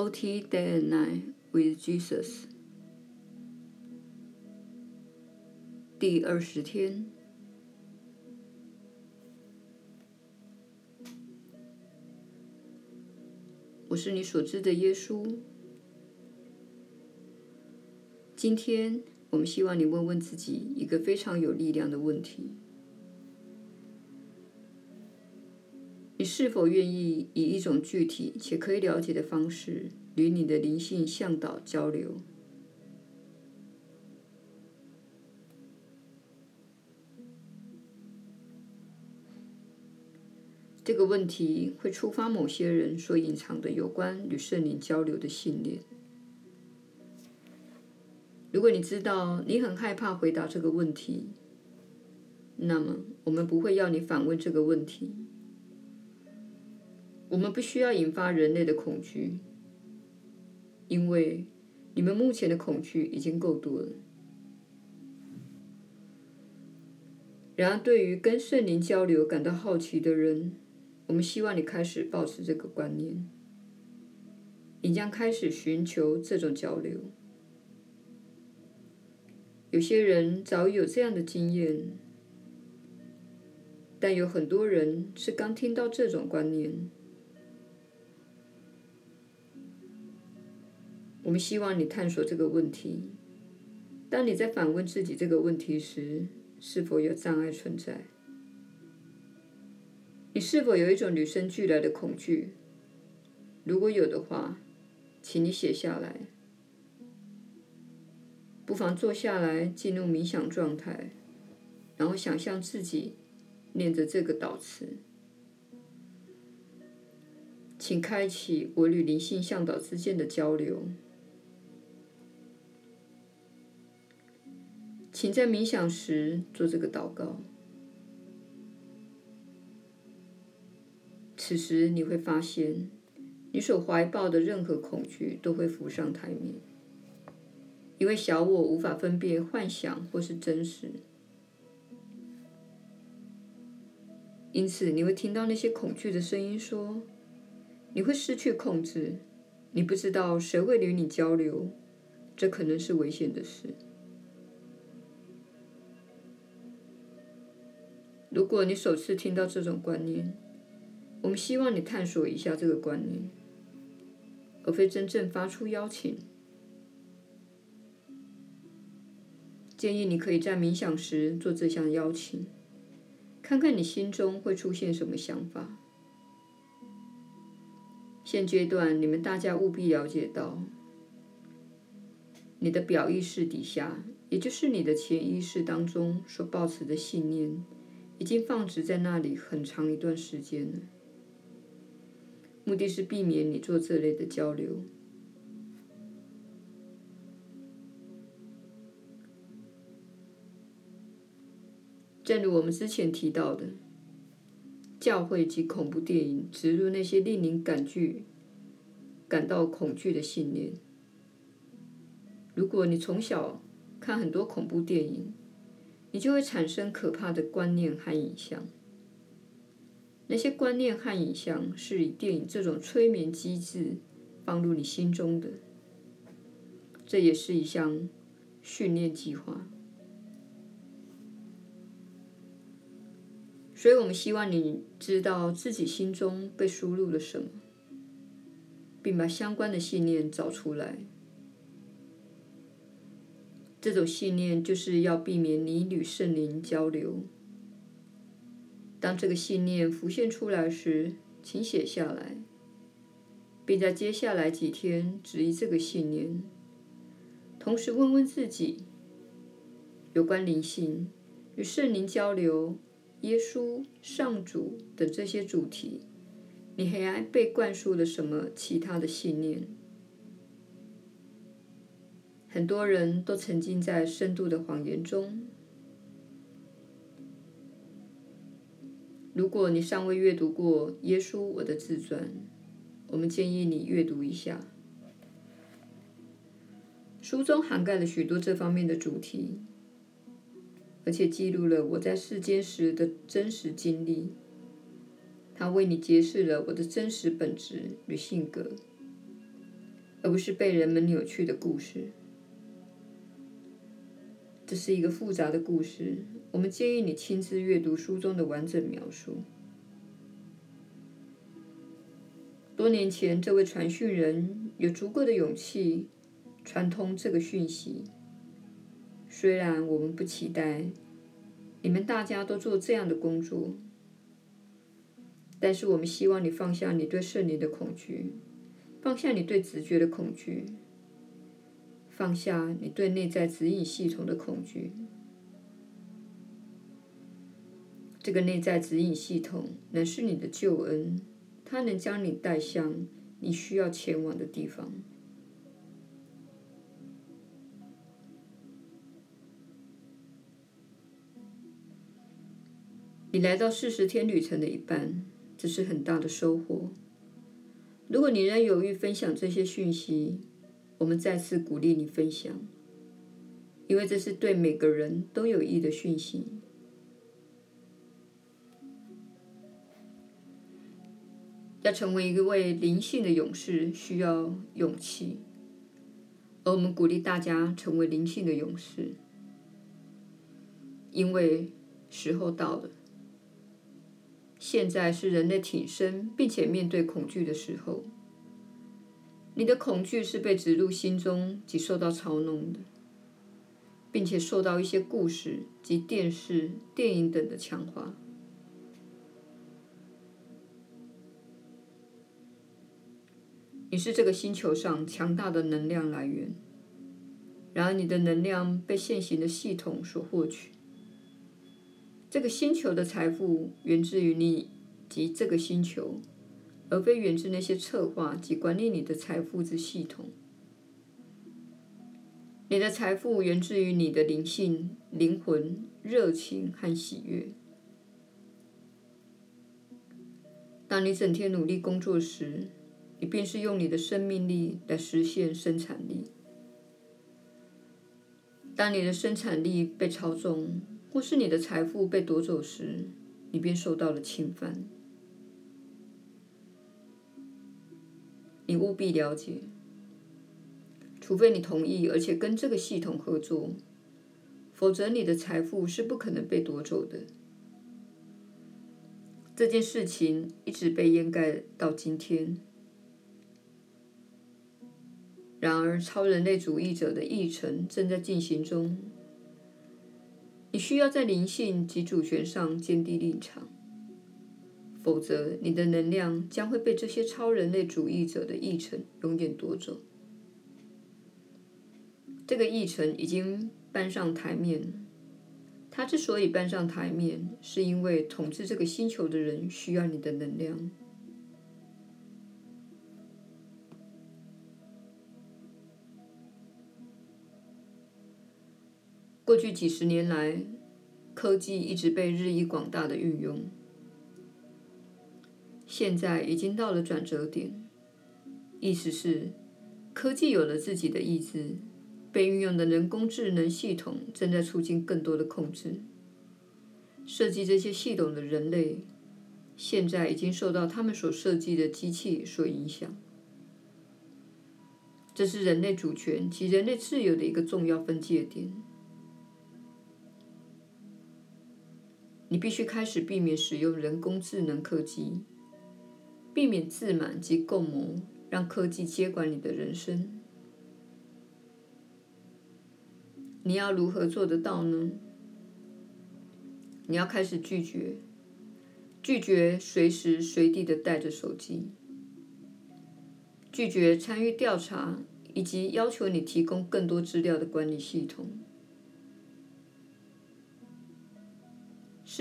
Forty Day and Night with Jesus，第二十天，我是你所知的耶穌。今天我們希望你問問自己一個非常有力量的問題。你是否願意以一種具體且可以了解的方式與你的靈性嚮導交流？這個問題會觸發某些人所隱藏的有關與聖靈交流的信念。如果你知道你很害怕回答這個問題，那麼我們不會要你反問這個問題。我們不需要引發人類的恐懼，因為你們目前的恐懼已經夠多了。然而，對於跟聖靈交流感到好奇的人，我們希望你開始抱持這個觀念。你將開始尋求這種交流。有些人早已有這樣的經驗，但有很多人是剛聽到這種觀念。我們希望你探索這個問題。當你在反問自己這個問題時，是否有障礙存在？你是否有一種與生俱來的恐懼？如果有的話，請你寫下來。不妨坐下來，進入冥想狀態，然後想象自己念着這個禱詞。請開啟我與靈性向導之間的交流。請在冥想時做這個禱告。此時你會發現，你所懷抱的任何恐懼都會浮上台面，因為小我無法分辨幻想或是真實。因此，你會聽到那些恐懼的聲音說：“你會失去控制，你不知道誰會與你交流，這可能是危險的事。”如果你首次聽到這種觀念，我們希望你探索一下這個觀念，而非真正發出邀請。建議你可以在冥想時做這項邀請，看看你心中會出現什麼想法。現階段，你們大家務必了解到，你的表意識底下，也就是你的潛意識當中所抱持的信念。已經放置在那裡很長一段時間了，目的是避免你做這類的交流。正如我們之前提到的，教會及恐怖電影植入那些令人感覺、感到恐懼的信念。如果你從小看很多恐怖電影，你就會產生可怕的觀念和影像，那些觀念和影像是以電影這種催眠機制放入你心中的，這也是一項訓練計劃，所以我們希望你知道自己心中被輸入了什麼，並把相關的信念找出來。這種信念就是要避免你與聖靈交流。當這個信念浮現出來時，請寫下來，並在接下來幾天質疑這個信念。同時，問問自己有關靈性、與聖靈交流、耶穌、上主等這些主題，你還被灌輸了什麼其他的信念？很多人都沉浸在深度的謊言中。如果你尚未閱讀過《耶穌我的自傳》，我們建議你閱讀一下。書中涵蓋了許多這方面的主題，而且記錄了我在世間時的真實經歷。它為你揭示了我的真實本質與性格，而不是被人們扭曲的故事。這是一個複雜的故事，我們建議你親自閱讀書中的完整描述。多年前，這位傳訊人有足夠的勇氣傳通這個訊息。雖然我們不期待你們大家都做這樣的工作，但是我們希望你放下你對聖靈的恐懼，放下你對直覺的恐懼。放下你對內在指引系統的恐懼。這個內在指引系統乃是你的救恩，它能將你帶向你需要前往的地方。你來到四十天旅程的一半，這是很大的收穫。如果你仍猶豫分享這些訊息，我們再次鼓勵你分享，因為這是對每個人都有益的訊息。要成為一位靈性的勇士，需要勇氣，而我們鼓勵大家成為靈性的勇士，因為時候到了，現在是人類挺身並且面對恐懼的時候。你的恐懼是被植入心中及受到操弄的，並且受到一些故事及電視、電影等的強化。你是這個星球上強大的能量來源，然而你的能量被現行的系統所獲取。這個星球的財富源自於你及這個星球。而非源自那些策劃及管理你的財富之系統。你的財富源自於你的靈性、靈魂、熱情和喜悅。當你整天努力工作時，你便是用你的生命力來實現生產力。當你的生產力被操縱，或是你的財富被奪走時，你便受到了侵犯。你務必了解，除非你同意，而且跟這個系統合作，否則你的財富是不可能被奪走的。這件事情一直被掩蓋到今天。然而，超人類主義者的議程正在進行中。你需要在靈性及主權上堅定立場。否則，你的能量將會被這些超人類主義者的議程永遠奪走。這個議程已經搬上檯面了。它之所以搬上台面，是因為統治這個星球的人需要你的能量。過去幾十年來，科技一直被日益廣大的運用。現在已經到了轉折點，意思是，科技有了自己的意志，被運用的人工智能系統正在促進更多的控制。設計這些系統的人類，現在已經受到他們所設計的機器所影響。這是人類主權及人類自由的一個重要分界點。你必須開始避免使用人工智能科技。避免自滿及共謀，讓科技接管你的人生。你要如何做得到呢？你要開始拒絕，拒絕隨時隨地地帶着手機，拒絕參與調查以及要求你提供更多資料的管理系統。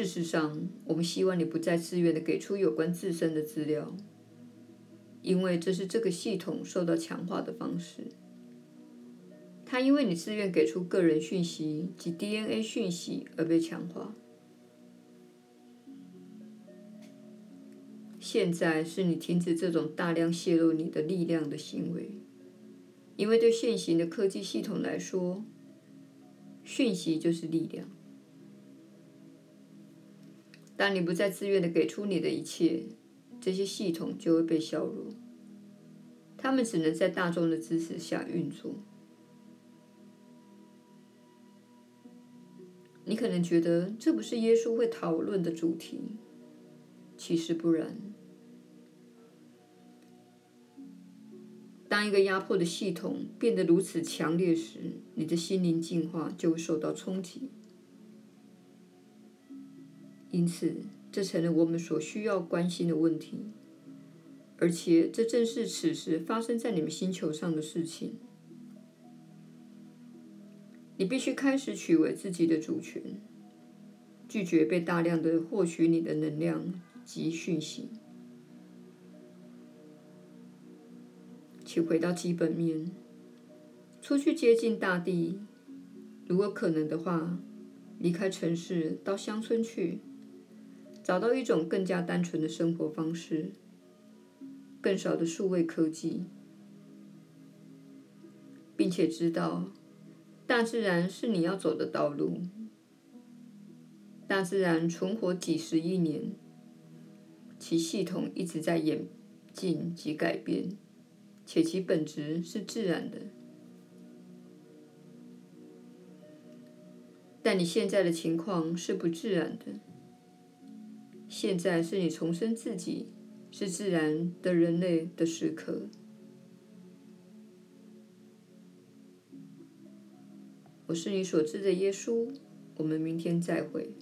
事實上，我們希望你不再自願地給出有關自身的資料，因為這是這個系統受到強化的方式。它因為你自願給出個人訊息及 DNA 訊息而被強化。現在是你停止這種大量洩露你的力量的行為，因為對現行的科技系統來說，訊息就是力量。當你不再自願地給出你的一切，這些系統就會被削弱。他們只能在大眾的支持下運作。你可能覺得這不是耶穌會討論的主題，其實不然。當一個壓迫的系統變得如此強烈時，你的心靈進化就會受到衝擊。因此，這成了我們所需要關心的問題，而且這正是此時發生在你們星球上的事情。你必須開始取回自己的主權，拒絕被大量的獲取你的能量及訊息，請回到基本面，出去接近大地，如果可能的話，離開城市到鄉村去。找到一種更加單純的生活方式，更少的數位科技，並且知道，大自然是你要走的道路。大自然存活幾十億年，其系統一直在演進及改變，且其本質是自然的。但你現在的情況是不自然的。現在是你重生自己，是自然的人類的時刻。我是你所知的耶穌，我們明天再會。